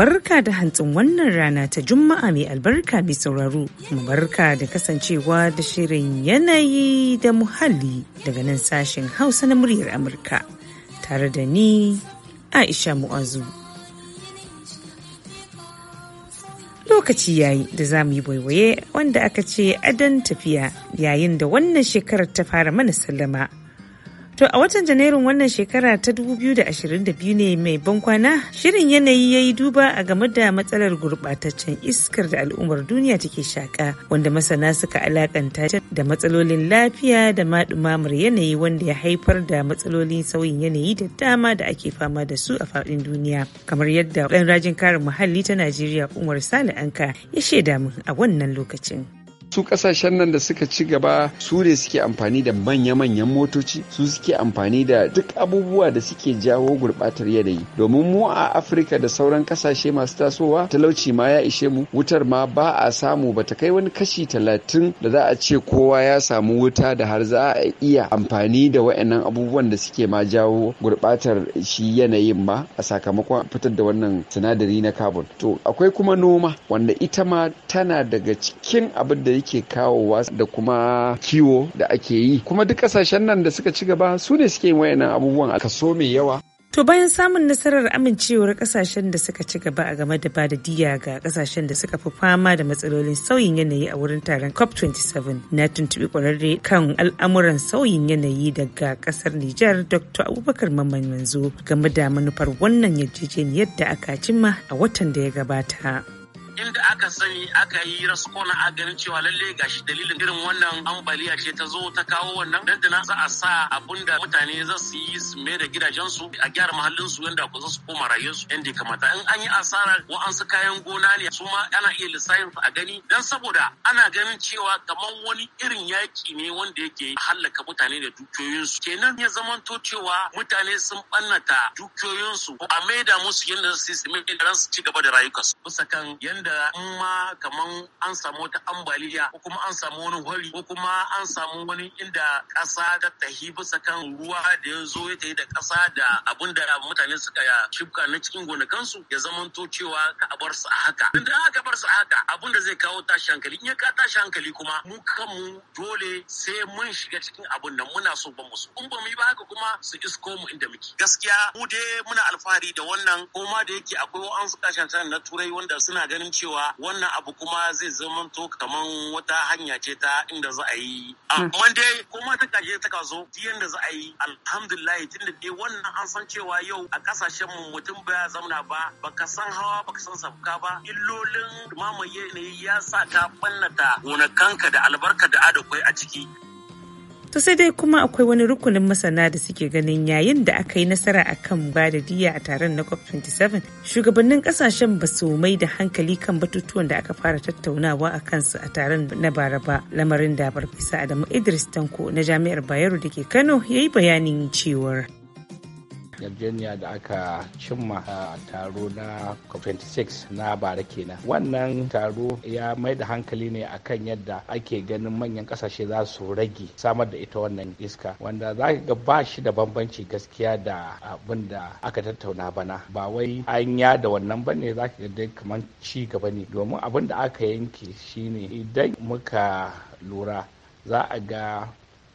Barka da hantsin wannan rana ta Juma'a mai albarka mai sauraro, kuma barka da kasancewa da shirin yanayi da muhalli daga nan sashen Hausa na muryar Amurka, tare da ni Aisha Mu'azu. Lokaci yayi da za mu yi waiwaye wanda aka ce adon tafiya yayin da wannan shekarar ta fara mana sallama. To a watan Janairun wannan shekara ta 2022 ne mai bankwana shirin yanayi ya yi duba a game da matsalar gurbataccen iskar da al'ummar duniya take shaƙa wanda masana suka alakanta da matsalolin lafiya da maɗumamar yanayi wanda ya haifar da matsalolin sauyin yanayi da dama da ake fama da su a faɗin duniya kamar yadda ɗan rajin kare muhalli ta Najeriya Umar Sale Anka ya shaida mu a wannan lokacin. su kasashen nan da suka ci gaba su ne suke amfani da manya-manyan motoci su suke amfani da duk abubuwa da suke jawo gurbatar yanayi domin mu a afirka da sauran kasashe masu tasowa talauci ma ya ishe mu wutar ma ba a samu ba ta kai wani kashi talatin da za a ce kowa ya samu wuta da har za a iya amfani da wa'annan abubuwan da suke ma jawo gurbatar shi yanayin ma a sakamakon fitar da wannan sinadari na carbon to akwai kuma noma wanda ita ma tana daga cikin abin da yake kawowa da kuma kiwo da ake yi kuma duk kasashen nan da suka ci gaba su ne suke yin wayannan abubuwan a kaso mai yawa To bayan samun nasarar amincewar kasashen da suka ci gaba a game da bada diya ga kasashen da suka fi fama da matsalolin sauyin yanayi a wurin taron COP27 na tuntubi kwararre kan al'amuran sauyin yanayi daga kasar Nijar Dr. Abubakar Mamman Manzo game da manufar wannan yarjejeniyar da aka cimma a watan da ya gabata. inda aka sani aka yi raskona a ganin cewa lalle gashi dalilin irin wannan ambaliya ce ta zo ta kawo wannan dandana za a sa abun da mutane za su yi su mai da gidajensu a gyara su yadda ku za su koma su yadda kamata in an yi asara wa'ansu kayan gona ne su ma ana iya lissafin a gani dan saboda ana ganin cewa kamar wani irin yaki ne wanda yake hallaka mutane da dukiyoyinsu kenan ya zamanto cewa mutane sun bannata dukiyoyinsu a maida musu yadda su yi su mai da ci gaba da rayukansu bisa kan yanda da in ma kaman an samu wata ambaliya ko kuma an samu wani hori ko kuma an samu wani inda ƙasa ta tahi bisa kan ruwa da ya zo ya tahi da ƙasa da abin da mutane suka shibka na cikin gonakansu ya zamanto cewa ka a bar su a haka. da aka bar su a haka abin da zai kawo tashi hankali in ya ka tashi hankali kuma mu kanmu dole sai mun shiga cikin abin nan muna so ba mu In ba mu yi ba haka kuma su isko mu inda muke. Gaskiya mu dai muna alfahari da wannan kuma da yake akwai wa'ansu kasashen na turai wanda suna ganin cewa wannan abu kuma zai zama to kaman wata hanya ce ta inda za a yi amma ah, hmm. dai kuma ta kaje ta kazo yanda za a yi alhamdulillah tunda dai wannan an san cewa yau a kasashen mu mutum baya zauna ba baka san hawa baka san sabka ba illolin mamaye ne ya sa ka bannata gonakanka da albarka da adakwai a ciki To sai dai kuma akwai wani rukunin masana da suke ganin yayin da aka yi nasara a kan ba da diya a taron na COP27, shugabannin kasashen ba su mai da hankali kan batutuwan da aka fara tattaunawa a kansu a taron na bara ba lamarin da Barfisa Adamu Idris Tanko na Jami'ar Bayero da ke Kano ya yi bayanin cewar. yarjejeniya da aka cimma a taro na COP26 na bara kenan. Wannan taro ya mai da hankali ne akan yadda ake ganin manyan kasashe za su rage samar da ita wannan iska wanda za ka ga ba shi da bambanci gaskiya da abin da aka tattauna bana ba wai an ya da wannan bane za ka ga kamar ci gaba ne domin abin da aka yanke shine idan muka lura za a ga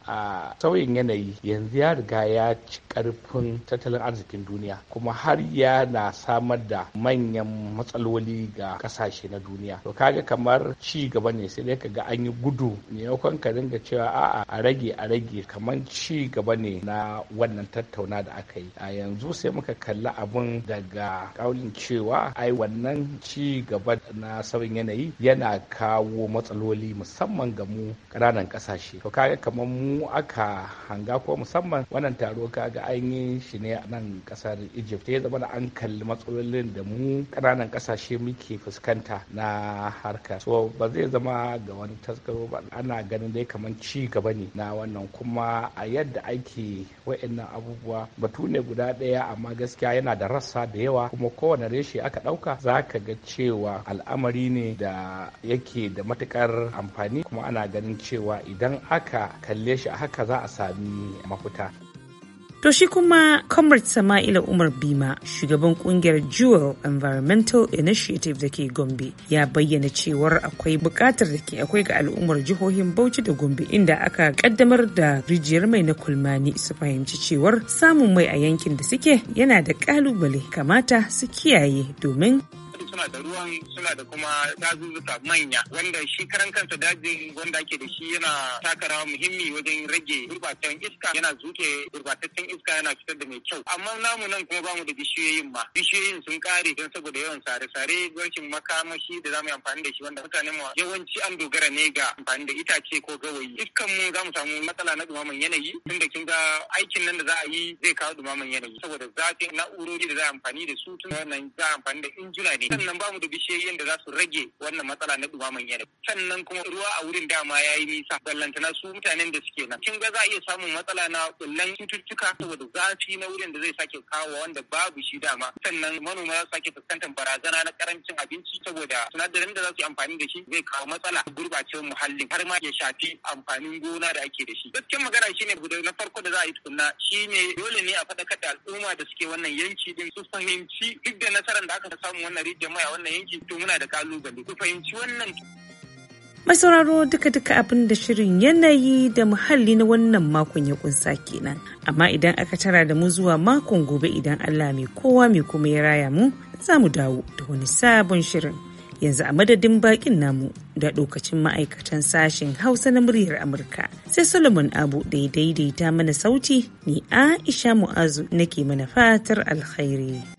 a sauyin yanayi yanzu ya riga ya ci karfin tattalin arzikin duniya kuma har ya na samar da manyan matsaloli ga kasashe na duniya to kaga kamar ci gaba ne sai dai kaga an yi gudu maimakon ka dinga cewa a'a a rage a rage kamar ci gaba ne na wannan tattauna da aka yi a yanzu sai muka kalla abun daga kaulin cewa ai wannan ci gaba na sauyin yanayi yana kawo matsaloli musamman ga mu ƙananan ƙasashe to kaga kamar mu aka hanga ko musamman wannan taro kaga ga shi ne a nan kasar egypt ya zama an kalli matsalolin da mu kananan ƙasashe muke fuskanta na harka so ba zai zama ga wani taskaro ba ana ganin dai kamar ci gaba ne na wannan kuma a yadda ake wa'annan abubuwa batu ne guda ɗaya amma gaskiya yana da rassa da yawa kuma kowane reshe aka ɗauka za ka ga cewa al'amari ne da yake da matukar amfani kuma ana ganin cewa idan aka kalle shi shi a haka za a sami mafuta. To shi kuma Comrade Sama'ila Umar Bima, shugaban kungiyar Jewel Environmental Initiative da ke Gombe, ya bayyana cewar akwai bukatar da ke akwai ga al'ummar jihohin Bauchi da Gombe inda aka kaddamar da rijiyar mai na kulmani su fahimci cewar samun mai a yankin da suke yana da kalubale kamata su kiyaye domin suna da ruwan suna da kuma dazuzzuka manya wanda shi karan kansa dajin wanda ake da shi yana taka muhimmi wajen rage gurbatan iska yana zuke gurbataccen iska yana fitar da mai kyau amma namu nan kuma bamu da bishiyoyin ma bishiyoyin sun kare don saboda yawan sare-sare gwarkin makamashi da zamu yi amfani da shi wanda mutane mu yawanci an dogara ne ga amfani da itace ko gawayi iskan mu zamu samu matsala na dumaman yanayi tunda kin ga aikin nan da za a yi zai kawo dumaman yanayi saboda zafin na'urori da za a amfani da su tun wannan za a amfani da injina ne sannan mu da bishiyoyin da za su rage wannan matsala na dumaman yanayi sannan kuma ruwa a wurin dama ya yi nisa ballantana su mutanen da suke nan kin ga za a iya samun matsala na kullan cututtuka saboda zafi na wurin da zai sake kawo wanda babu shi dama sannan manoma za su sake fuskantar barazana na karancin abinci saboda sinadarin da za su yi amfani da shi zai kawo matsala gurbacewar muhalli har ma ya shafi amfanin gona da ake da shi gaskiyar magana shine na farko da za a yi tukunna ne dole ne a faɗakar da al'umma da suke wannan yanki din su fahimci duk da nasarar da aka samu wannan rijiyar mai a wannan yankin to muna da kalubale ku fahimci wannan mai sauraro duka-duka abin da shirin yanayi da muhalli na wannan makon ya kunsa kenan amma idan aka tara da mu zuwa makon gobe idan allah mai kowa mai kuma ya raya mu za mu dawo da wani sabon shirin yanzu a madadin bakin namu da lokacin ma'aikatan sashen hausa na muryar amurka sai solomon abu da ya daidaita mana sauti ni aisha mu'azu nake mana fatar alkhairi